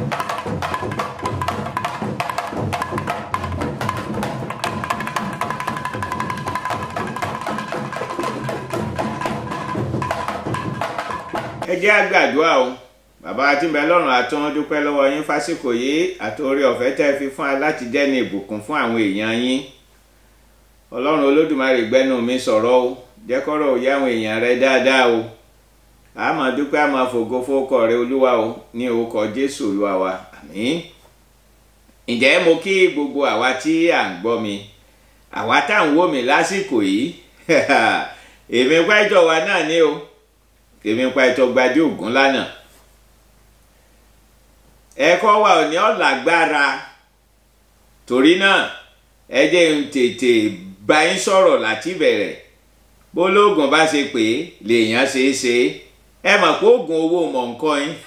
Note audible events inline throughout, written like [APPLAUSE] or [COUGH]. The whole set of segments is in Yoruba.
ẹ jẹ́ á gbàdúrà o bàbá tí ń bẹ lọ́run àtún dúpẹ́ lọ́wọ́ yín fásìkò yìí àtòrí ọ̀fẹ́ tẹ́ fi fún wa láti jẹ́ ní ìbùkún fún àwọn èèyàn yín ọlọ́run olódùmarè gbẹ́nu mi sọ̀rọ̀ o jẹ́ òye àwọn èèyàn rẹ dáadáa o a máa dúpẹ́ a máa fògo fókọ rẹ olúwa o ní orúkọ jésù olúwa wa àmín ǹjẹ́ mo kí gbogbo àwa tí à ń gbọ́ mi àwa tá à ń wò mí lásìkò yìí [LAUGHS] èmi pàjọ wa náà ni o èmi pàjọ gbajú ògún lánàá ẹ̀kọ́ wa ò ní ọ̀làgbára torí náà ẹ jẹ́ n tètè bá yín sọ̀rọ̀ láti bẹ̀rẹ̀ bólógùn bá ṣe pé lèèyàn ṣe é ṣe é ẹ mọ̀ pé oògùn owó mọ̀ nǹkan yín [LAUGHS]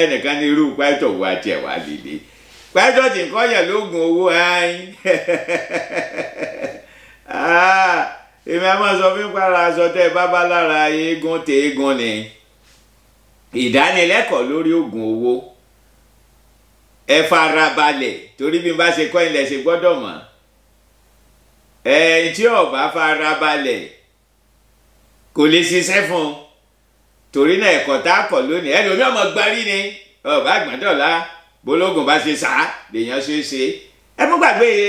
ẹnìkan ní irú pẹ́tọ̀ wa tiẹ̀ wá lèlè pẹ́tọ̀ tí nǹkan yẹn lóògùn owó ẹ̀yìn [LAUGHS] ah, èmi a máa sọ fún para aṣọ tẹ eégún tẹ eégún ni ìdánilẹ́kọ̀ọ́ lórí oògùn owó ẹ fara torí bí n bá ṣe kọ́ ilẹ̀ ṣe gbọ́dọ̀ mọ̀ ẹ̀ tí ọba fara kò lè ṣiṣẹ́ fún un torí náà ẹ̀kọ́ tá a kọ̀ lónìí ẹni omi ọmọ gbarí ni ọba àgbàdọ̀lá bológun bá ṣe sá lèèyàn ṣe é ṣe ẹ mú gbàgbé e,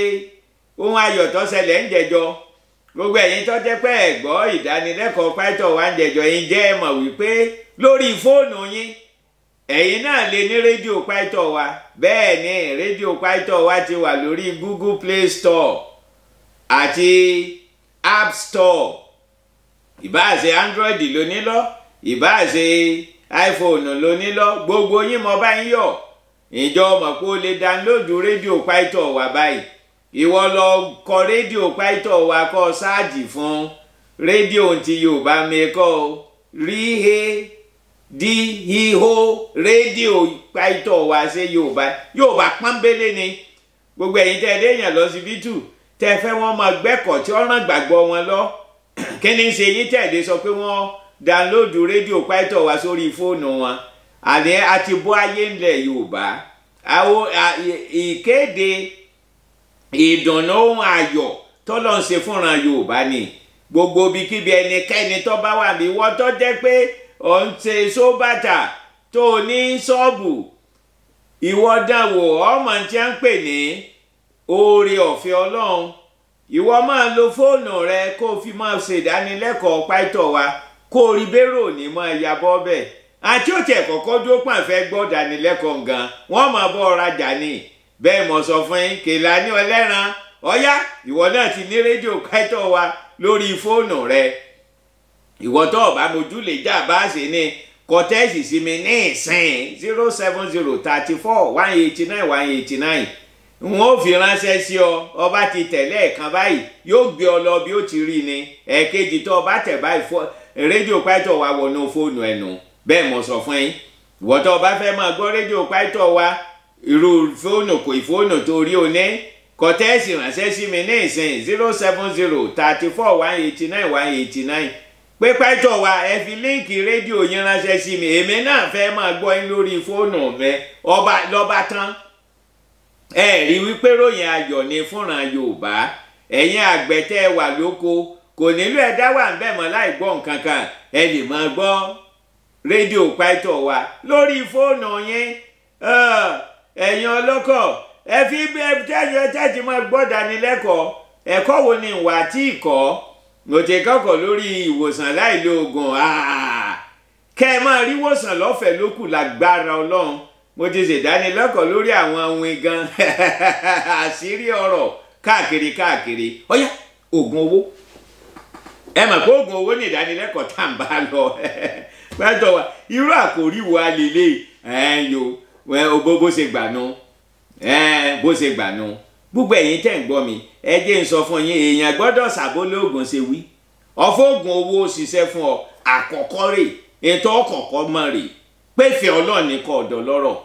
ohun ayọ̀ tó ṣẹlẹ̀ ń jẹjọ gbogbo ẹ̀yin tó jẹ́ pé ẹ gbọ́ ìdánilẹ́kọ̀ọ́ pátọ̀ wa ń jẹjọ yín jẹ́ ẹ mọ̀ wípé lórí fóònù yín ẹ̀yin náà lè ní rédíò pátọ̀ wa bẹ́ẹ̀ ni rédíò pátọ̀ wa ti wà lórí Google Play Store àti App Store ìbáà ṣe Android lónílọ́ọ́ ìbáṣe iphone ló ní lọ gbogbo yín mo bá ń yọ ìjọ mọ̀ pé o lè dánlóòdù rédíò pàìtọ̀ wà báyìí ìwọ lọ kọ rédíò pàìtọ̀ wà kọ sáàjì fún rédíò ti yorùbá mẹ́kọ́ rí he di ihò rédíò pàìtọ̀ wà ṣe yorùbá yorùbá pọ́nbélé ni gbogbo ẹ̀yin tẹ́ ẹ léèyàn lọ sí bítù tẹ́ fẹ́ wọn mọ gbẹ́kọ̀ tí ọ̀ràn gbàgbọ́ wọn lọ [CLEARS THROAT] kí ni ṣe yín tẹ̀ lé sọ pé wọ́n dánlóòdù rédíò pàìtọ̀ wá sórí fóònù wọn àní àti bó ayé ńlẹ̀ yorùbá àwọn ìkéde ìdùnnú ohun ayọ̀ tọ́lọ̀ ń ṣe fúnra yorùbá ni gbogbo ibikíbi ẹnikẹ́ni tó bá wà ní wọ́n tó jẹ́ pé ò ń ṣe sóbàtà tó o ní ṣọ́ọ̀bù ìwọ dánwò ọmọ tí a ń pè ní oore ọ̀fẹ́ ọlọ́run ìwọ máa lo fóònù rẹ kó o fi máa ṣèdánilẹ́kọ̀ọ́ pàìtọ̀ wa kó o rí bérò ní mọ́ ẹ̀yà bọ́ bẹ́ẹ̀ àti òtí ẹ̀kọ́ kọjú pàǹfẹ́ gbọ́ dánilẹ́kọ̀ọ́ gan wọ́n máa bọ́ ọ̀rajà ni bẹ́ẹ̀ mọ̀ sọ fún yín kèlà ní ọlẹ́ran ọ̀yá ìwọ náà ti ní rédíò káìtọ́ wa lórí fóònù rẹ ìwọ tó ọ̀bá mojú lè já báàsì ni kọ́tẹ́ẹ̀sì sí mi ní ìsìn zero seven zero thirty four one eighty nine one eighty nine n ó fi ránṣẹ́ sí ọ ọba ti tẹ̀lé ẹ̀kan báyìí yóò gbé ọ lọ bí ó ti rí ni ẹ̀ẹ̀kejì tó ọba tẹ̀ báyìí fún rédíò pàìtọ̀ wa wọnú fóònù ẹnu bẹ́ẹ̀ mo sọ fún yín ìwọ tó o bá fẹ́ máa gbọ́ rédíò pàìtọ̀ wa irú fóònù kò ìfóònù tó rí o ní kọ́tẹ́ẹ̀sì ránṣẹ́ sí mi ní ìsìn zero seven zero thirty four one eighty nine one eighty nine pé pàìtọ̀ wa ẹ fi líǹkì rédíò yín ránṣẹ́ sí mi èmi náà fẹ́ máa gbọ́ yín lórí fóònù mi ọba lọ́ba tán ẹ rí wípé ròyìn ayọ̀ ni fúnra Yorùbá ẹ̀yin àgbẹ̀ tẹ́ ẹ wà lóko kò nílò ẹ̀dá wà ń bẹ̀ mọ́ láì gbọ́ nǹkan kan ẹ lè máa gbọ́ rédíò pàìtọ̀ wa lórí fóònù yín ẹ̀yin ọlọ́kọ̀ ẹ fi tẹ́jọ tẹ́jì máa gbọ́ dánilẹ́kọ̀ọ́ ẹ̀kọ́ wo ni ìwà tí ìkọ́ òtí kọ́kọ́ lórí ìwòsàn láìlo oògùn kẹ́ ẹ máa rí wòsàn lọ́fẹ̀ẹ́ lókù lágbára ọlọ́run mo ti ṣèdánilẹ́kọ̀ọ́ lórí àwọn ohun gan [LAUGHS] àṣírí ọ̀rọ̀ káàkiri káàkiri ọ̀yá oògùn owó ẹ mọ̀ pé oògùn owó ní ìdánilẹ́kọ̀ọ́ tá à ń bá lọ pẹ́ẹ́tọ́ [LAUGHS] wa irú àkòrí wo a lè lè yo bó bó ṣe gbà nu bó ṣe gbà nu gbogbo ẹ̀yin tẹ̀ ń gbọ́ mi ẹ jẹ́ ń sọ fún yín èèyàn gbọ́dọ̀ ṣàbó lóògùn ṣe wí ọ̀fọ̀ oògùn owó ṣiṣẹ́ fún ọ àkọ́kọ́ rè ètò ọkọ̀ọ̀kọ́ mọ̀ rè pẹ́fẹ́ ọlọ́ọ̀ ní kọ́ ọ̀dọ̀ lọ́rọ̀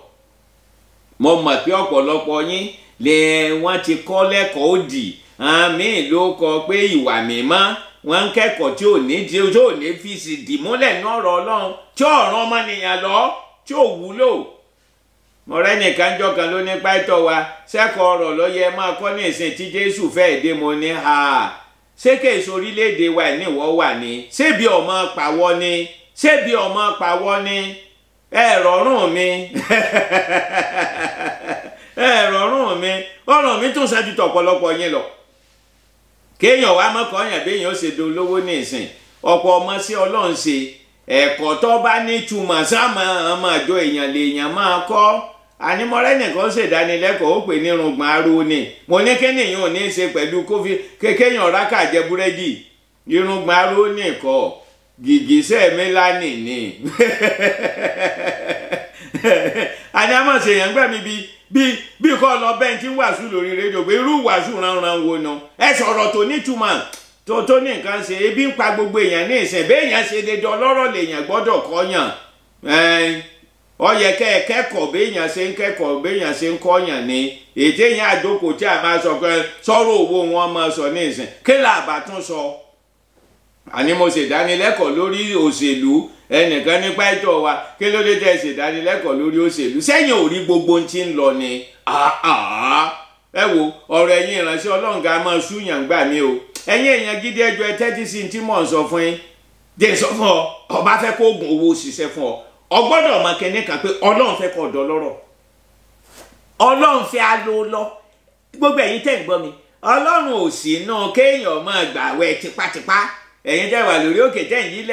mo mọ̀ pé ọ̀pọ̀lọpọ̀ yín lè wọ́n ti kọ́ lẹ́kọ̀ọ́ òdì àmì ló kọ pé ìwà mímọ́ wọ́n ń kẹ́kọ̀ọ́ tí ò ní di tí ò ní fi sì dì múlẹ̀ nọ́rọ̀ ọlọ́run tí ọ̀ràn ọmọnìyàn lọ tí ò wúlò mọ̀rẹ́ nìkan jọkan ló ní pàtó wa sẹ́kọ̀ọ́ ọ̀rọ̀ ló yẹ máa kọ́ ní ìsìn tí jésù fẹ́ẹ́ dé mo ní ha ṣé kèsì orílẹ̀-èdè wa níwọ̀ wà ní ṣébi ọmọ pàwọ́ ni ṣébi ọmọ pàwọ́ ni ẹ rọrùn mi [LAUGHS] ẹ rọrùn mi ọ̀ràn mi tún ṣáájú tọ̀pọ̀lọpọ̀ yín lọ. kéèyàn wá mọ́kọ́ yàn béèyàn ṣe dolówó ní ìsìn ọ̀pọ̀ ọmọ sí ọlọ́run ṣe ẹ̀kọ́ tó bá nítumọ̀ sáàmù ọmọ àjọ èèyàn lèèyàn máa kọ́ ànímọ́rẹ́ nìkan ó ní aró ni mo ní kéèyàn ò ní í ṣe pẹ̀lú kófí kéèyàn jẹ búrẹ́dì aró nìkọ́ ni [LAUGHS] àní àmọ̀ ṣèyàn gbẹ̀mí bíi bí bí kò lọ bẹ́ẹ̀ tí ń wàásù lórí rédíò pé irú wàásù ránran wo nu ẹ sọ̀rọ̀ tó nítumọ̀ tó tó ní nǹkan ṣe ebi ń pa gbogbo èèyàn ní ìsìn béèyàn ṣe dédé ọlọ́rọ̀ lèèyàn gbọ́dọ̀ kọ́yàn ó yẹ kẹ́ ẹ kẹ́kọ̀ọ́ béèyàn ṣe ń kẹ́kọ̀ọ́ béèyàn ṣe ń kọ́yàn ni ètè èèyàn àjókòó tí a máa sọ pé sọ̀rọ̀ owó wọn máa sọ ní ìsìn kí làbà tún sọ àní mo ṣèdánilẹ́kọ̀ọ́ lórí òṣèlú ẹnìkan nípa ìjọ wa kí ló dé tẹ̀ ṣèdánilẹ́kọ̀ọ́ lórí òṣèlú sẹ́yìn ò rí gbogbo ohun tí ń lọ ni ẹ wo ọrụ ẹ̀yin ìránṣẹ́ ọlọ́run ká máa ṣúyàn gbà mí o ẹ̀yin èèyàn gidi ẹjọ́ ẹ sí ti fún ọ ọba kó oògùn owó fún ọ kan pé alo lọ gbogbo mi náà kéèyàn máa tipátipá wà lórí òkè ń yí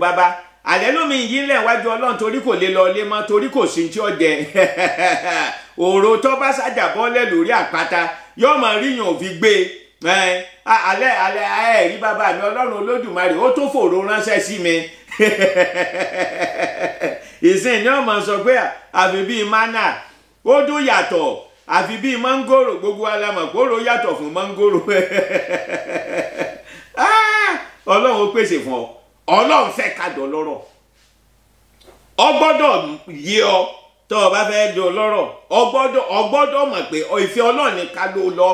bàbá àlẹ́ lómi yìí lẹ̀ wájú ọlọ́run torí kò lè lọ ilé mọ́ torí kò sí tí ó jẹ òòrò [LAUGHS] tó bá ṣàjàbọ́lẹ̀ lórí àpáta yóò mọ ríyàn òfi gbé alẹ́ alẹ́ ẹ̀rí bàbá mi ọlọ́run olódùmarè ó tó fòrò ránṣẹ́ sí mi [LAUGHS] ìsìn ni ọmọ sọ pé àfi bíi mánà ó dún yàtọ̀ àfi bíi mọ́ngòrò gbogbo alamọ̀kóró yàtọ̀ fún mọ́ngòrò [LAUGHS] ah, ọlọ́run ó pèsè fún ọ. ọlọ́run fẹ́ ká dọ̀lọ́rọ̀ ọ gbọ́dọ̀ yé ọ tó o bá fẹ́ dọ̀lọ́rọ̀ ọ gbọ́dọ̀ ọ mọ̀ pé ìfẹ́ ọlọ́run ká ló lọ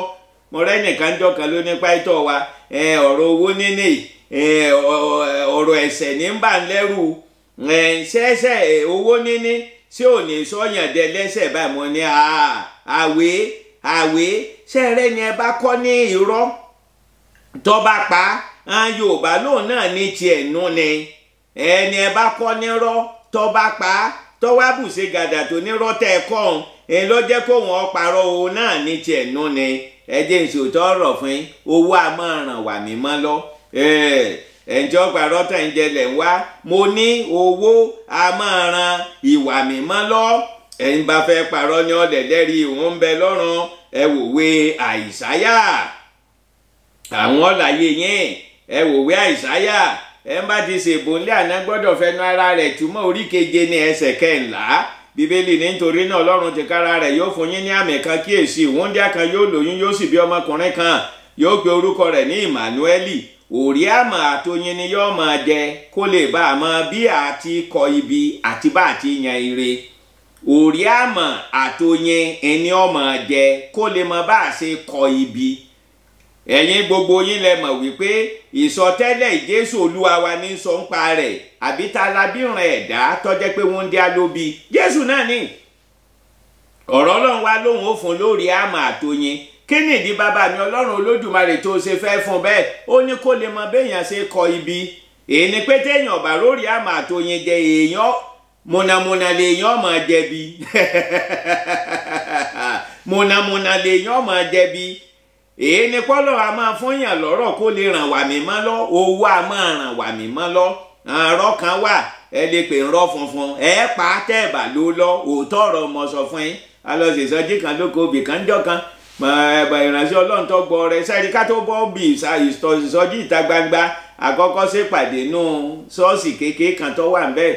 mọ̀rẹ́ nìkan ló nípa ìtọ̀ wa ọ̀rọ̀ owó níní ọ̀rọ̀ ẹ̀sẹ̀ ní bá ń lẹ́rù ṣẹ́ṣẹ́ owó níní tí ò ní sọ́yàn lẹ́sẹ̀ báyìí mo ní ni ẹ bá kọ́ pa yorùbá lòun náà ní tiẹ̀ nú ni ẹni ẹ bá kọ́ nírọ́ tọ́ bá pa á tọ́wá bùṣe gàdà tó nírọ́ tẹ́ ẹ kọ́ òun ló jẹ́ kó wọn náà ní tiẹ̀ nú ni ẹ jẹ́ n fún yín owó a máa wà mí lọ ń jẹlẹ̀ ní owó a máa ìwà mí lọ bá fẹ́ parọ́ ń àwọn ọ̀làyé yẹn ẹ wò wí àìsáyà ẹ ń bá ti ṣèbò ńlẹ̀ àná gbọ́dọ̀ fẹnu ara rẹ̀ túmọ̀ orí keje ní ẹsẹ̀ kẹ́ńlá bíbélì nítorí náà ọlọ́run ti kára rẹ̀ yóò fún yín ní àmì kan kíyèsí wúńdíá kan yóò lóyún yóò sì bí ọmọkùnrin kan yóò pe orúkọ rẹ̀ ní emmanueli òrí àmọ̀ àtọyìn ni yóò máa jẹ kó lè bá a mọ bí a ti kọ ibi àti bá a ti yan ire òrí àmọ̀ àtọyìn ẹni ó máa jẹ kó lè mọ bá a ṣe kọ ibi ẹ̀yin gbogbo yín lẹ mọ̀ wípé ìsọtẹ́lẹ̀ ìjésù olúwa wa ní sọ ń pa rẹ̀ àbí ta labíran ẹ̀dá tọ́jẹ́ pé wọ́n ń dí alóbi jésù náà ni ọ̀rọ̀ ọlọ́run wa lóhùn ó fún lórí àmọ́ àtòyìn kí nìdí bàbá mi ọlọ́run olódùmarè tó ṣe fẹ́ fún bẹ́ẹ̀ ó ní kó lè mọ béèyàn ṣe kọ ibi èyí ni pé téèyàn bá lórí àmọ́ àtòyìn jẹ èèyàn mọ̀nàmọ̀nà lèèyàn máa jẹ̀bi [LAUGHS] mọ̀nàmọ̀nà lèèyàn máa jẹ̀bi èyí ni kọ́lọ̀ a máa fún yàn lọ́rọ̀ kó lè ràn wà mí mọ́ lọ owó a máa ràn wà mí mọ́ lọ àárọ̀ kan wà ẹ lè pè ń rọ́ funfun ẹ pa tẹ́ẹ̀bà ló lọ òótọ́ ọ̀rọ̀ mo sọ fún yín alọ́sẹ̀sọ́jì kan lóko òbí kan jọ kan ìránṣẹ́ ọlọ́run tó gbọ́ rẹ sẹ́rí ká tó bọ́ bí ìsọjí ìta gbangba àkọ́kọ́ ṣèpàdé nù ṣọ́ọ̀ṣì kékeré kan tó wà ńbẹ̀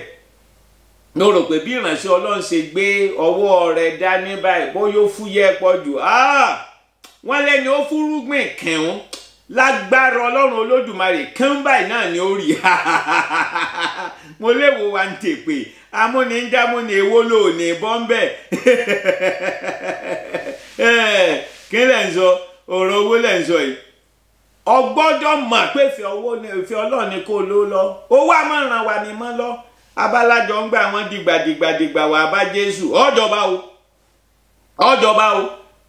mo rò pé bí ìránṣẹ́ ọlọ́run ṣe gbé ọwọ́ rẹ dání báyìí bó yóò fúyẹ́ pọ̀ jù áà wọ́n lẹ́ni ó fúrúgbìn kẹ̀hún lágbára ọlọ́run olódùmarè kẹ́hún báyìí náà ni ó rí [LAUGHS] mo léwo wa ń tèpè amúnidámúni èwo ló ní bọ́ńbẹ́ [LAUGHS] eh, kí lẹ̀ ń sọ ọ̀rọ̀ owó lẹ̀ ń sọ yìí ọgbọ́dọ̀ mọ̀ pé ìfẹ́ owó ni fi ọlọ́run ni kò ló lọ owó àmọ̀ràn wa ni mọ́ lọ abalájọ ń gbà wọ́n dìgbàdìgbàdìgbà wà bá jésù ọ̀jọba o ọ̀jọba o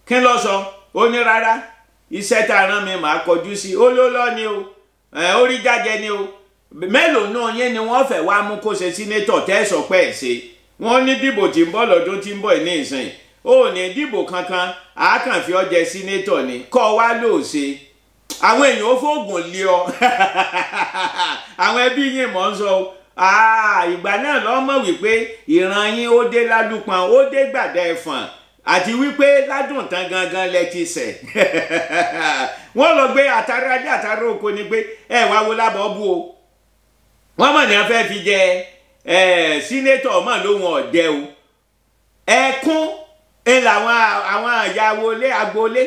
kí ló sọ. So? onye rara ise tara mi ma kojusi olole ni o ee orijaje ni o melo na onye ni wọn fe wa mu ko se sinetọ tẹsọ pe se wọn ni dibo ti n bọ ti n bọ ni isin o ni dibo kankan akan fi ọjẹ sinetọ ni kọ wa lo se àwọn èèyàn ó fóògùn ha ha ha ẹbí yìí mọ ń sọ ah ìgbà náà lọ mọ wípé ìran yín ó dé lálùpọn ó dé gbàdá àti wípé ládùn tán gangan lẹ ti sẹ̀ [LAUGHS] wọ́n lọ gbé àtàrà dé àtàrà oko ni pé ẹ wá wo lábọ̀ bú o wọ́n mọ̀ ní wọ́n fẹ́ fi jẹ ẹ sínétọ̀ mọ̀ lóhun ọ̀dẹ o ẹkún ń làwọn àwọn àyàwó ilé agboolé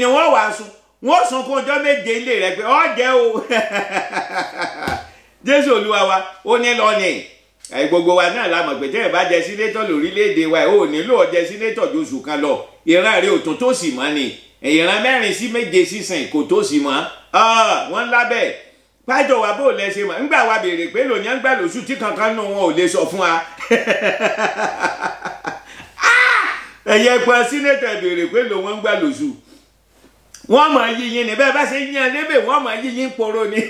ni wọ́n wàá sùn wọ́n sùn kún ọjọ́ méje ilé rẹ̀ pé ọ̀dẹ o [LAUGHS] Jésù Olúwa wa ó ní lọ́nìí gbogbo wa náà la mọ̀ pé tẹ́ ẹ̀ bá jẹ sínétọ̀ lórílẹ̀‐èdè wa ò nílò ọjẹ́ sínétọ̀ ju oṣù kan lọ ìran rẹ̀ ò tó tó sì mọ́ ni ìran mẹ́rin sí méje sísìn kò tó sì mọ́ wọ́n lábẹ́ pájọ wa bó lẹ ṣe mọ̀ ńgbà wa béèrè pé lòní àgbà lóṣù tí kankan nù wọn ò lè sọ fún wa [LAUGHS] ẹ̀yẹ pa sínétọ̀ béèrè pé lòun àgbà lóṣù wọ́n mọ̀ yíyin ní bẹ́ẹ̀ bá ṣe yíyan lébè wọ́n mọ̀ yíyin poro ni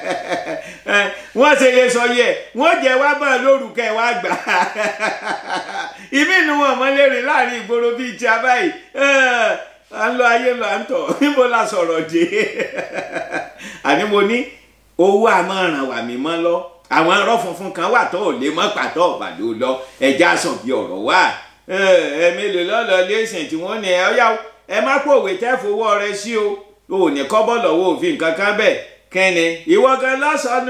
[LAUGHS] wọ́n ṣe lè sọ yẹ wọ́n jẹ́ wá bọ̀ lórúkọ wá gbà [LAUGHS] ìmí nu wọn mọ lérè láàrin ìgboro bíi ti abáyé eh, à ń lọ ayé lọ à ń tọ̀ [LAUGHS] níbo la sọ̀rọ̀ dé àní mo ní owó àmọ́ràn wà mí mọ́ lọ àwọn ọ̀rọ̀ funfun kan wà tó lè mọ́ pàtó ọ̀bàlú lọ ẹja sàn bí ọ̀rọ̀ wà eh, ẹ̀ẹ́mẹ́lẹ́ lẹ́sìn tí wọ́n ní ẹ̀ ọ́ yá o. ẹ má pòwé tẹ́ fowó rẹ sí o ò ní kọ́bọ̀ lọ́wọ́ òfin kankan bẹ́ẹ̀ kẹ́ni ìwọ kan lásán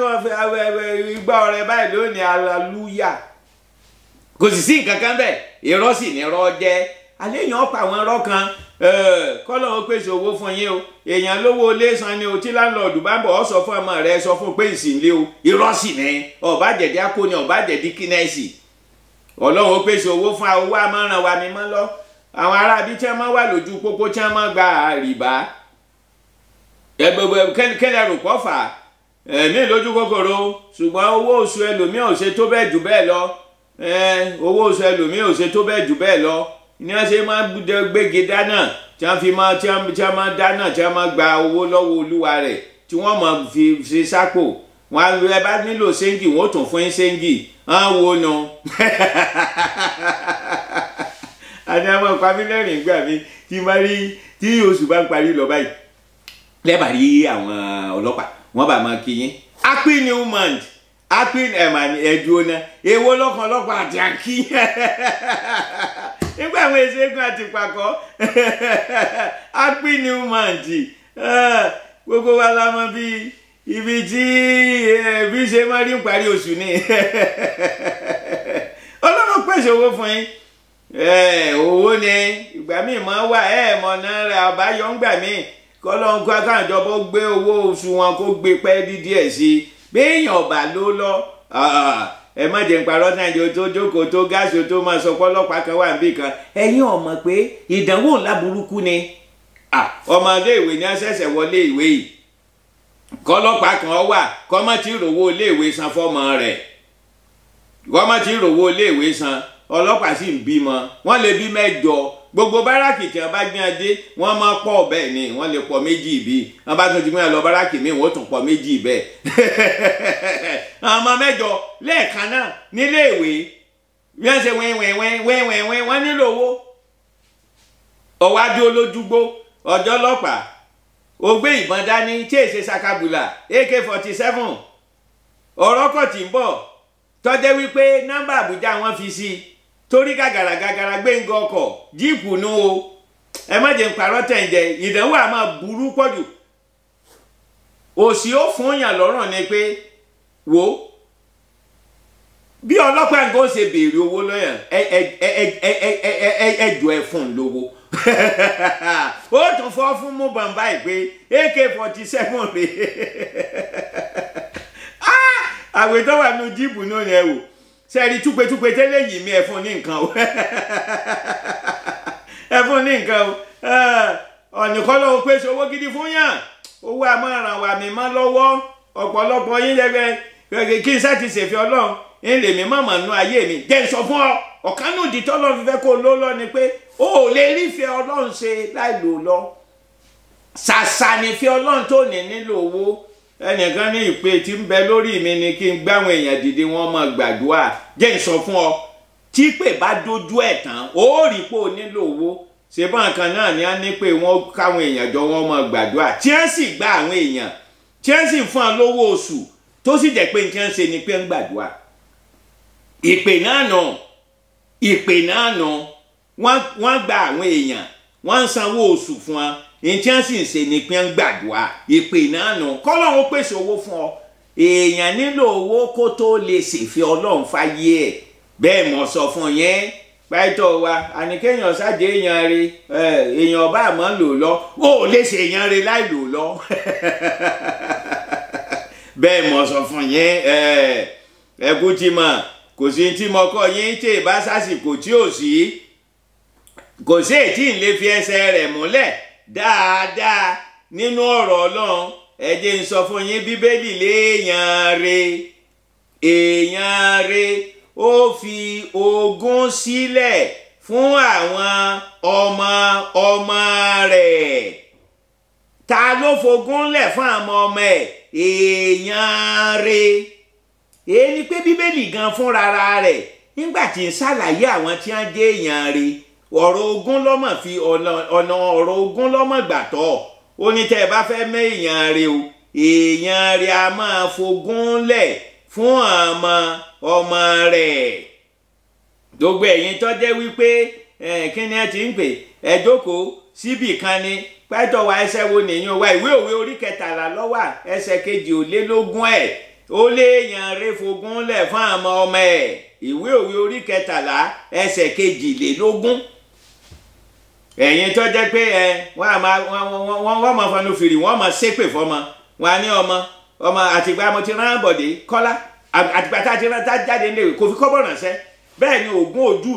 ìgbà ọ̀rẹ́ báyìí lónìí hallelujah kò sì sí nǹkan bẹ́ẹ̀ irọ́ sì ní irọ́ jẹ́ alẹ́ yẹn ọ̀pọ̀ àwọn irọ́ kan kọ́lọ̀ ó pèsè owó fún yín o èèyàn lówó ilé san ni o tí láńlọ́ọ̀dù bá ń bọ̀ ọ́ sọ fún ọmọ rẹ sọ fún pé o irọ́ sì ní ọ̀bàjẹ̀dí akóni ọ̀bàjẹ̀dí kínẹ́sì fún àwọn owó amọ̀ràn àwọn aráabí tí wọ́n máa wà lójú pópó tí wọ́n máa gba àrìbá ẹgbẹ̀gbẹ̀ kẹ́lẹ́ rò pọ̀ fà ẹ̀mí lójú kòkòrò ṣùgbọ́n owó oṣù ẹlòmíì ò ṣe tó bẹ́ẹ̀ jù bẹ́ẹ̀ lọ owó oṣù ẹlòmíì ò ṣe tó bẹ́ẹ̀ jù bẹ́ẹ̀ lọ ni wọ́n ṣe máa gbégi dáná tí wọ́n fi máa tí wọ́n máa dáná tí wọ́n máa gba owó lọ́wọ́ olúwa rẹ̀ tí wọ́n máa fi ṣe sápò wọn ẹ bá nílò ṣéǹgì wọn ò tún fún ṣéǹgì hàn wo nu. [LAUGHS] àti àwọn ìpamílẹ́rìn gbà mí tí má rí tí oṣù bá ń parí lọ báyìí lẹ́bàá rí àwọn ọlọ́pàá wọ́n bá máa kí yín happy new month happy ẹ̀dùnà èwo lọ́kàn ọlọ́pàá àti àkí [LAUGHS] nígbà àwọn ìṣègùn àti ìpàkọ́ happy new month gbogbo wa la mọ̀ bíi ibi tí bí ṣe máa rí ń parí oṣù ni [LAUGHS] ọlọ́run pèsè owó fún yín Eh, owó ni ìgbà míì mọ́ wà ẹ̀ mọ̀ náà rẹ̀ àbáyọ ń gbà míì kọ́lọ́n kó akáǹjọba gbé owó oṣù wọn kó gbé pẹ́ dídí ẹ̀ sí béèyàn ọ̀bà ló lọ ẹ má jẹ́ parọ́ nàìjíríà tó jókòó tó gáàsì tó máa sọ pọ́lọ́pàá kan wà níbì kan ẹ̀yin ò mọ̀ pé ìdánwò ńlá burúkú ni ọmọdé ìwé ni àṣẹ̀ṣẹ̀ wọlé ìwé yìí kọlọpàá kan wà kọ́mọ́tì rówó iléèwé san fọ́mọ rẹ̀ kọ́mọ́tì rówó iléèwé san ọlọ́pàá sì ń bímọ wọ́n lè bí mẹ́jọ gbogbo báràkì tí wọ́n bá gbé adé wọ́n máa pọ̀ bẹ́ẹ̀ ni wọ́n lè pọ̀ méjì bí wọ́n bá tún ti gbé lọ báràkì míì wọ́n tún pọ̀ méjì bẹ́ẹ̀ [LAUGHS] ọmọ mẹ́jọ lẹ́ẹ̀kan náà nílé ìwé bí wọ́n ṣe wẹ́wẹ́wẹ́wẹ́wẹ́ wọ́n nílò owó ọwọ́ adé olójúgbó ọjọ́ ọlọ́pàá ó gbé ìbọn dání tí èsè sakabula ak forty seven ọ̀rọ̀ kọ̀ tí ń bọ̀ tọ́jẹ́ wípé nọ́mbà Àbújá wọ́n fi sí i torí gàgàrà gàgàrà gbẹ̀ngà ọkọ̀ jíìpù nù o ẹ má jẹ́ ń parọ́ tẹ̀ ń ìdánwò àmọ́ burú pọ̀jù òsì ó fún yàn lọ́rùn ni pé wò bí ọlọ́pàá nǹkan ṣe béèrè owó lọ́yàn ẹjọ́ ẹ fún un lówó [LAUGHS] ó tún fọ́ fún mú bàbá ẹ̀ pé ak forty seven rèé [LAUGHS] ah! àwẹ̀ tó wà nínú jíìpù náà yẹn wò. sẹ́ẹ̀rí túpetúpe tẹ́lẹ̀ yìí mi ẹ̀fún ní nǹkan o [LAUGHS] ẹ̀fún ní nǹkan o ọ̀nìkan lóhun pé owó gidi fún yàn owó amọ̀ràn wà mọ́ lọ́wọ́ ọ̀pọ̀lọpọ̀ yín lẹ́gbẹ̀ẹ́ kí n sáti ṣèfẹ́ ọlọ́run ń lè mí mọ̀mọ́ nú ayé mi jẹ́ sọ fún ọ ọ̀kánú ìdítọ́ lọ́n kó ló lọ ni pé o ò lè rífẹ́ ọlọ́run ṣe láì lò lọ ṣàṣà nífẹ́ ọlọ́run tó ní nílò owó ẹnìkan ní ìpè tí ń bẹ lórí mi ni kí n gbáwọn èèyàn dìde wọn mọ gbàdúrà jẹ́ n sọ fún ọ tí pè bá dojú ẹ̀ tán ó rí pé o nílò owó ṣèbọn kan náà ni a ní pé wọn káwọn èèyàn jọ wọn mọ gbàdúrà tí ẹ sì gba àwọn èèyàn tí ẹ sì fún ọ lówó oṣù tó sì jẹ́ pé n ti ń ṣe ni pé ń gbàdúrà ìpè náà nà ìpè náà nà wọ́n gba àwọn èèyàn wọ́n sanwó oṣù fún wọn ntí wọn sì ń ṣe ni pé ń gbàdúrà ìpè náà nù kọ́lọ́hún pèsè owó fún ọ èèyàn nílò owó kó tó lè ṣèfẹ́ ọlọ́run fáyé ẹ̀ bẹ́ẹ̀ mọ̀ sọ fún yẹn pàtó wa àníkéèyàn ṣáàjẹ́ èèyàn rẹ èèyàn ọba àmọ́ lò lọ ó lè ṣe èèyàn rẹ láì lò lọ [LAUGHS] bẹ́ẹ̀ mọ̀ sọ fún yẹn ẹkú ti mọ̀ kò sí tí mo kọ́ yín tí ì bá sásìkò tí ò sí kò sí èyí tí lè fi ẹsẹ̀ rẹ̀ múlẹ̀ dáadáa nínú ọ̀rọ̀ ọlọ́run ẹ jẹ́ ń sọ fún yín bíbélì léèyàn re èèyàn re ó fi ogún sílẹ̀ fún àwọn ọmọ ọmọ rẹ̀ ta ló fogún lẹ̀ fún àwọn ọmọ ẹ̀ èèyàn re èyí ni pé bíbélì gan fúnra rẹ̀ nígbà tí ń ṣàlàyé àwọn tí wọ́n jẹ́ èèyàn re ọ̀rọ̀ ogún lọ́mọ̀ fi ọ̀nà ọ̀rọ̀ ogún lọ́mọ̀ gbàtọ́ ó ní tẹ́ ẹ bá fẹ́ mẹ́ èèyàn rẹ o èèyàn rẹ a máa fogún lẹ̀ fún ọmọ ọmọ rẹ̀ gbogbo ẹ̀yin tó jẹ́ wípé kí ni ẹ ti ń pè ẹ jókòó síbì kan ni pẹ́tọ̀ wa ẹsẹ̀ wo nìyẹn wa ìwé òwe orí kẹtàlá lọ́wà ẹsẹ̀ kejì ò lé lógún ẹ̀ ó léèyàn rẹ fogún lẹ̀ fún àwọn ọmọ ẹ̀ ìwé òwe orí kẹtàlá ẹsẹ̀ kejì lé lógún. ẹ̀yin tó jẹ́ pé ẹ wọ́n ma máa wọ́n wọ́n máa fọnú fìrì wọ́n ọmọ àtìgbà ti bọ̀dé àtìgbà tá a ti rán tá a jáde nílé kò fi kọ́bọ̀ ránṣẹ́ bẹ́ẹ̀ ni oògùn ojú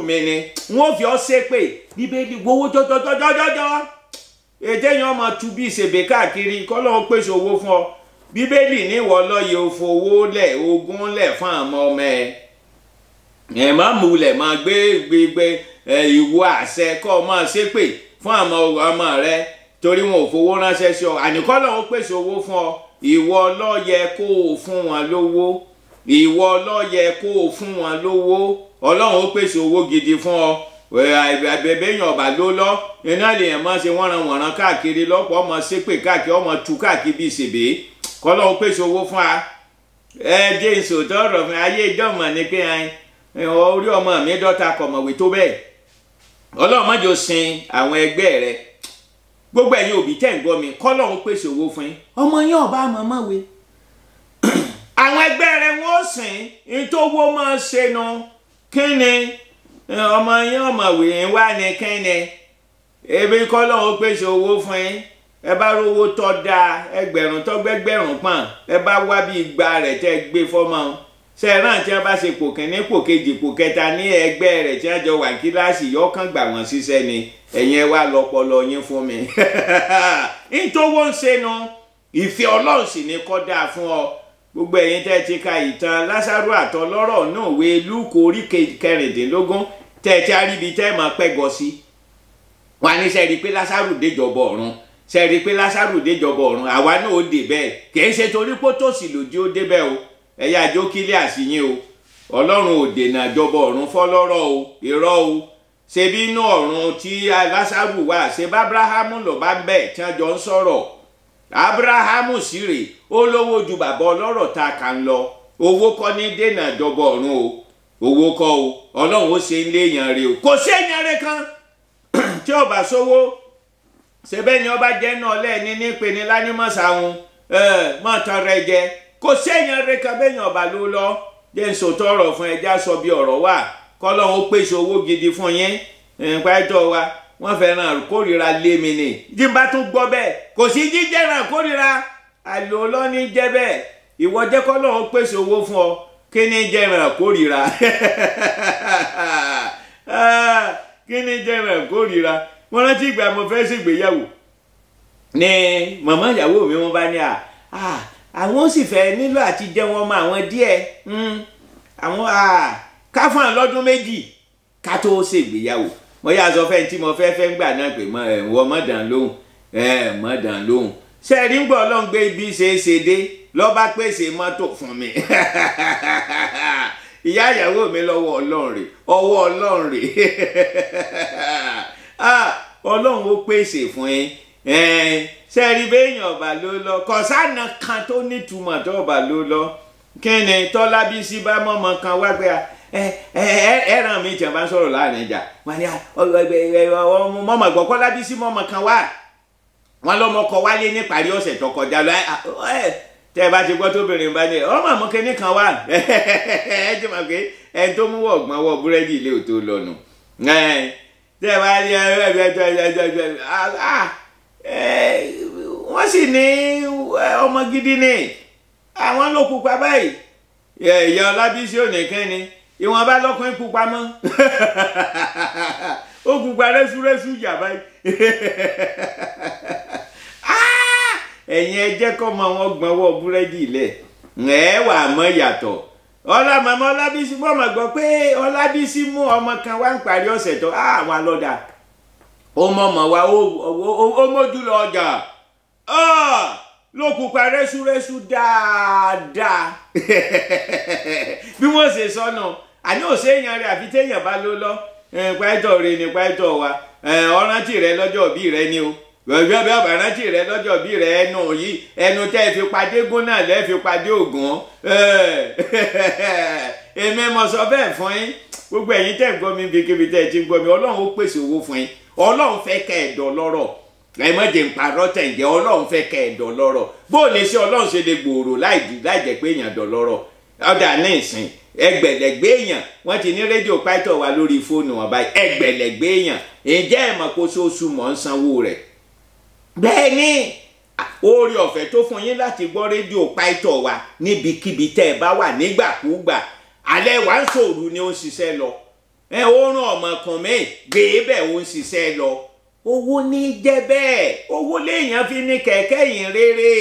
fi bíbélì gbowó jọjọjọjọjọ ètè yẹn ọmọ tu bí káàkiri kọ́lọ́ ń pèsè owó fún ọ bíbélì ní ìwọ lọ́yẹ òfowó lẹ̀ ogún lẹ̀ fún ọmọ ìwọ àṣẹ kọ́ ọ ṣépè fún àwọn ọmọ rẹ torí wọn ò fowó ránṣẹ́ sí ọ àníkọ́ lọ́wọ́ pèsè owó fún ọ ìwọ ló kó o fún wọn lówó ìwọ ló kó o fún wọn lówó ọlọ́run ó pèsè owó gidi fún ọ àbẹ̀bẹ̀yàn ọ̀bà ló lọ iná lèèyàn máa ṣe wọ́nran wọ̀nran káàkiri lọ́pọ̀ ọmọ ṣépè káàkiri ọmọ tu káàkiri bíi ṣèbé kọ́lọ́run pèsè owó fún wa ẹ jẹ́ ìṣòtọ́ ọ̀rọ̀ fún ayé ìjọ́mọ̀ ni pé orí ọmọ mi dọ́ta kọ̀mọ̀wé tó bẹ́ẹ̀ ọlọ́run má jọ̀ọ́ sin àwọn ẹgbẹ́ rẹ gbogbo ẹ̀yin òbí tẹ̀ ń gbọ́ mi kọ́lọ́run pèsè owó fún yín ọmọ yín ọba àmọ́ mọ̀ wé [CLEARS THROAT] àwọn ẹgbẹ́ rẹ wọ́n sìn ní tó wó máa ṣe nu kí ni ọmọ yín ọmọ wé wá ní kí ni ebi kọ́lọ́run pèsè owó fún yín ẹ bá rówó tọ́ da ẹgbẹ̀rún tọ́gbẹ́gbẹ̀rún pọ̀n ẹ bá wá bí igba rẹ̀ tẹ́ gbé fọ́mọ́ sẹ́ẹ̀rán tí wọ́n bá ṣe pò kínní pò kejì pò kẹta ní ẹgbẹ́ rẹ̀ tí wọ́n jọ wà kíláàsì yọkàn gbà wọ́n ṣiṣẹ́ ni ẹ̀yin ẹ wá lọ́pọlọ yín fún mi. [LAUGHS] nítòwó ń ṣe nu ìfẹ́ ọlọ́run sì ni kọ́ dáa fún ọ gbogbo ẹ̀yin tẹ́ ti ka ìtàn lásàrò àtọlọ́rọ̀ náà wé lúkọ orí kẹrìndínlógún tẹ́ ti aríbi tẹ́ mọ̀ pẹ́gọ́ sí. wọn á ní sẹ́ẹ̀rí pé lásàrò déjọba ọ̀run sẹ́ẹ̀rí pé lásàrò déjọba ọ̀run àwa náà ó dé bẹ́ẹ̀ kì í ṣe torí pé lòdì ó dé bẹ́ẹ̀ o ẹyẹ àjókílẹ àṣìyìn o ọlọ́run ò dènà àjọbọ ọ̀run fọlọ́rọ̀ o irọ́ o ṣebí inú ọ̀run tí lásàrù wà ṣe bá abrahamu lọ bá ń bẹ̀ tí wọ́n jọ ń abrahamu sì rè ó lówó ju bàbá ọlọ́rọ̀ ta kà ń lọ owó kọ́ ní dènà àjọbọ ọ̀run o owó kọ́ o ọlọ́run ó ṣe ń lé èèyàn rè o kò sí èèyàn rè kan [CLEARS THROAT] tí ó bá sówó ṣebẹ́ ni ọba jẹ́ náà lẹ́ẹ̀ni ní kò séèyàn rẹ kan béèyàn ọba ló lọ jẹ́ ń sòtọ́ ọ̀rọ̀ fún ẹja sọ bí ọ̀rọ̀ wà kọ́lọ́hún ó pèsè owó gidi fún yín pẹ́ẹ́tọ́ wa wọ́n fẹ́ràn kórìíra lémi ni tí n bá tún gbọ́ bẹ́ẹ̀ kò sí jíjẹ́ràn kórìíra àlò ọlọ́ni jẹ́ bẹ́ẹ̀ ìwọ jẹ́ kọ́lọ́hún ó pèsè owó fún ọ kí ni jẹ́ràn kórìíra [LAUGHS] kí ni jẹ́ràn kórìíra mo rántí ìgbà mo fẹ́ ṣègbéyàwó ni màmá ìyàwó mi wọ́n bá ní à àwọn sì fẹ́ nílò àti jẹ wọn mọ àwọn díẹ̀ hmm. àwọn ká fún àwọn lọ́dún méjì ká tó ṣègbéyàwó mo yà sọ fẹ́ni tí mo fẹ́ fẹ́ ń gbà náà pé mo ẹ̀ wọ́n mọ̀dàn lóhùn ẹ̀ mọ̀dàn lóhùn ṣe rí ń gbọ́ ọlọ́run gbé ibi ṣe é ṣe dé lọ́ba pèsè mọ́tò fún mi [LAUGHS] ìyá ìyàwó mi lọ́wọ́ ọlọ́run rè ọwọ́ ọlọ́run rè [LAUGHS] ah, ọlọ́run ó pèsè fún yín sẹ́ẹ̀rí béèyàn ọ̀bà ló lọ kọ̀sánà kan tó nítumọ̀ tó ló lọ ni tọ́lábísí bá mọ́mọ kan wá pé ẹ̀ràn mi tiẹ̀ bá ń sọ̀rọ̀ láàrin ìjà kọ́lábísí kan wá wálé níparí ọ̀sẹ̀ tó kọjá ẹ bá ti gbọ́ tó bá ní kan ẹ jẹ́ màá pé ẹ tó mú wọ̀ wọ Eh, wọ́n sì ní eh, ọmọ gidi ni àwọn ló pupa báyìí eh, ìyá ọlábísí ònìkẹ́ni ìwọ̀nba lọ́kùnrin pupa mọ́ [LAUGHS] ó pupa rẹ́súrẹ́sú jà báyìí [LAUGHS] ah! ẹ̀yin ẹ kọ́ mọ búrẹ́dì lẹ̀ ẹ̀ wà mọ́ yàtọ̀ ọlábísí bọ́ọ̀mọ̀ gbọ́ pé ọlábísí mú ọmọ kan wá ń parí ọ̀sẹ̀ tó ah, àwọn alọ́dà. ọmọọmọ wa o mójú lọ ọjà ah! ló pupa rẹ́súrẹ́sú dáadáa bí wọ́n ṣe sọ́nà àní òṣè èèyàn rẹ̀ àfi téèyàn bá ló lọ pẹ́ẹ́tọ̀ rẹ ni wa ọ̀rántì rẹ lọ́jọ́ rẹ ni o bẹ́ẹ̀ bẹ́ẹ̀ rẹ bí rẹ ẹnu yìí ẹnu fi padé fi padé ògùn sọ fún yín gbogbo ti owó fún yín ọlọ́run fẹ́ kẹ́ ẹ̀dọ̀ lọ́rọ̀ ẹ má jẹ́ ń parọ́ tẹ̀ ń jẹ́ ọlọ́run fẹ́ kẹ́ ẹ̀dọ̀ lọ́rọ̀ bó lè ṣe ọlọ́run ṣe lè gbòòrò láì jẹ́ pé èèyàn dọ̀ lọ́rọ̀ ọ̀dà náà ìsìn ẹgbẹ̀lẹ́gbẹ̀ èèyàn wọ́n ti ní rédíò pító wa lórí fóònù wọn báyìí ẹgbẹ̀lẹ́gbẹ̀ èèyàn ǹjẹ́ ẹ̀ mọ̀ kó sóṣù mọ̀ ń sanwó rẹ̀ bẹ́ẹ̀ ni oore ọ̀fẹ́ tó fún yín láti gbọ́ rédíò pító wa níbikíbi tẹ́ ẹ bá wà nígbàkúgbà alẹ́ wàá sòrù ni ó ń ṣiṣẹ́ lọ ẹ ó ràn ọmọkùn mi gbé bẹ́ẹ̀ ó ń ṣiṣẹ́ lọ owó ní jẹ́ bẹ́ẹ̀ owó léèyàn fi ní kẹ̀kẹ́ yìí rere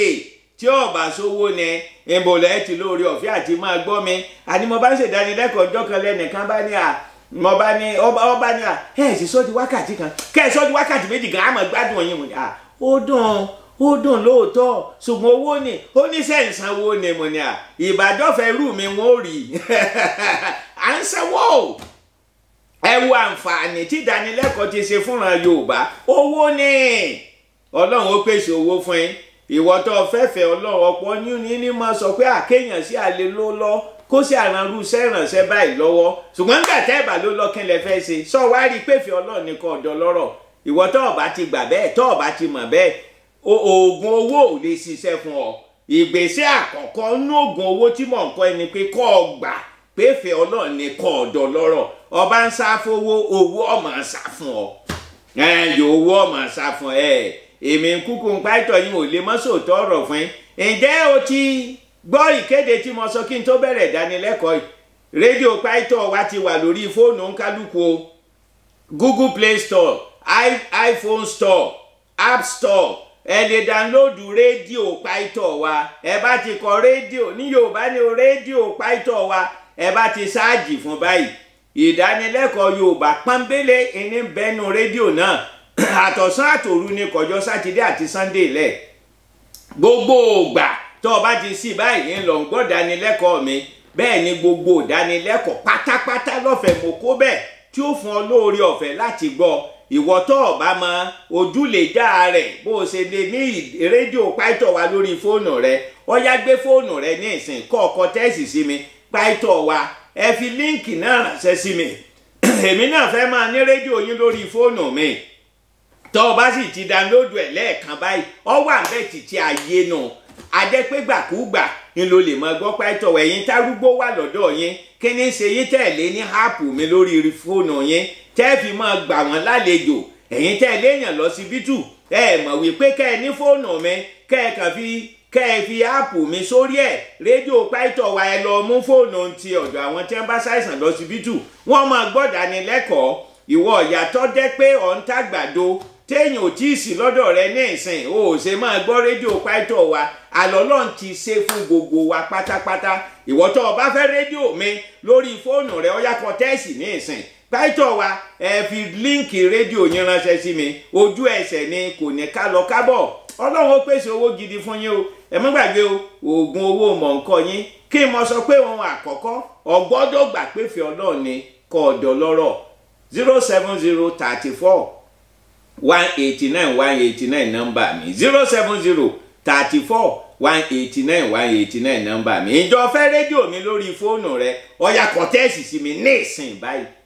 tí ọba sówó ni ìbò lẹ́yìn tí lóore ọ̀fẹ́ àti máa gbọ́ mi àní mo bá ń ṣèdánilẹ́kọ̀ọ́ ọjọ́ kan lẹ́nìkan bá ní à mo bá ní ọba ọba ní à ẹ ẹ sì sọ di wákàtí kan kẹ ẹ sọ di wákàtí méjì gan àmọ́ gbádùn yín mo ní à ó dùn ó dùn lóòótọ́ ṣùgbọ́n owó ni ó ní sẹ́ǹsanwó ni mo ní à ìbàdàn fẹ́ rú mi wọ́n rí [LAUGHS] à ń sanwó ẹ wo àǹfààní tí ìdánilẹ́kọ̀ọ́ ti ṣe fúnra yorùbá owó ni ọlọ́run ó pèsè owó fún yín ìwọ tó fẹ́fẹ́ ọlọ́run ọ̀pọ̀ ní ní máa sọ pé àkéèyàn sí àlè ló lọ kó sì àrànrú iṣẹ́ ìrànṣẹ́ báyìí lọ́wọ́ ṣùgbọ́n nígbà tẹ́ ẹ̀bà ló lọ kí n lè fẹ́ ṣe sọ wá rí pèfẹ́ ọlọ́run nìkan ọ̀dọ́ lọ́rọ̀ ìwọ tó bá ti gbà bẹ́ẹ̀ tó bá ti mọ̀ bẹ́ẹ̀ oògùn owó ò lè ṣiṣẹ́ fún ọ ìgbésẹ̀ àkọ́kọ́ nú oògùn owó tí mò ń kọ́ ẹni pé kọ́ ọ gbà pèfẹ́ ọlọ́run nìkan ọ̀dọ́ lọ́rọ̀ ọba ń wo fowó owó ọmọ sá fún ọ yóò owó ọmọ sá fún ẹ èmi kúkú ń pa ìtọ̀ yìí ò lè mọ́ sòótọ́ ọ̀rọ̀ fún yín ǹjẹ́ o ti gbọ́ ìkéde tí mo sọ kí n tó bẹ̀rẹ̀ ìdánilẹ́kọ̀ọ́ yìí rédíò pàìtọ́ wa ti wà lórí fóònù nkálukú Google Play Store I iPhone Store App Store ẹ lè dánlóòdù rédíò pàìtọ́ wa ẹ bá ti kọ rédíò ní Yorùbá ní rédíò pàìtọ́ wa ẹ bá ti sáàjì fún báyìí ìdánilẹ́kọ̀ọ́ yorùbá pọ́nbélé ẹni bẹ́nu rédíò náà [CLEARS THROAT] àtọ̀sán àtòru ni kọjọ́ sátidé àti sannde lẹ̀ gbogbo ògbà tó o bá ti sí báyìí ń lọ ń gbọ́ dánilẹ́kọ̀ọ́ mi bẹ́ẹ̀ ni gbogbo ìdánilẹ́kọ̀ọ́ pátápátá lọ́fẹ̀ẹ́ mo kó bẹ́ẹ̀ tí ó fún ọ lóore ọ̀fẹ́ láti gbọ́ ìwọ tó o bá mọ ojúlèjà rẹ̀ bó o ṣe lè ní rédíò pàtó wa lórí fóònù rẹ ó yá gbé fóònù rẹ ní ìsìn kọ́ ọkọ tẹ́sì sí mi pàìtọ̀ wa ẹ fi líǹkì náà ránṣẹ́ sí mi [CLEARS THROAT] èmi náà fẹ́ máa ní rédíò yín lórí fóònù mi tọ́ ọ bá sì ti dáńlódù ẹ̀ lẹ́ẹ̀kan báyìí ọ wà bẹ́ẹ̀ títí ayé nù adẹ́pẹ́gbàkúgbà ń lo lè mọ gbọ́ pàìtọ̀ ẹ̀yin tárúgbó wà lọ́dọ̀ yín kí ni ṣe yín tẹ̀lé ní háàpù mi lórí fóònù yín tẹ́ fi máa gbà wọ́n lálejò ẹ̀yin tẹ̀lé èèyàn lọ síbítù ẹ mọ̀ wípé kẹ́ ẹ ní fóònù mi kẹ́ ẹ kàn fi kẹ́ ẹ fi áàpù mi sórí ẹ̀ rédíò pàìtọ̀ wa ẹ lọ mú fóònù ti ọ̀dọ̀ àwọn tí wọ́n bá ṣàìsàn lọ́sibítù wọ́n máa gbọ́dà ní lẹ́kọ̀ọ́ ìwọ ìyàtọ̀ jẹ́ pé ọ̀ ń tàgbàdo téèyàn ò tí ì sí lọ́dọ̀ rẹ ní ìsìn o ò ṣe máa gbọ́ rédíò pàìtọ̀ wa àlọ́lọ́n ti ṣe fún gbogbo wa pátápátá ìwọ tó o bá fẹ́ rédíò mi lórí fóònù rẹ ó yá kọ tẹ́ẹ̀sì ní ìsìn pàìtọ̀ wa ẹ fi líǹkì rédíò yín ránṣẹ́ sí mi ojú ẹsẹ̀ ni kò ní ká lọ kábọ̀ ọlọ́run ó pèsè owó gidi fún yín o ẹ o oògùn owó mọ̀ nǹkan kí n sọ pé òun àkọ́kọ́ ọgbọ́dọ̀ gbà ọlọ́run ni kọ́ ọ̀dọ̀ lọ́rọ̀ zero seven mi zero seven zero mi ìjọ rédíò mi lórí fóònù rẹ ọ̀yà sí mi báyìí.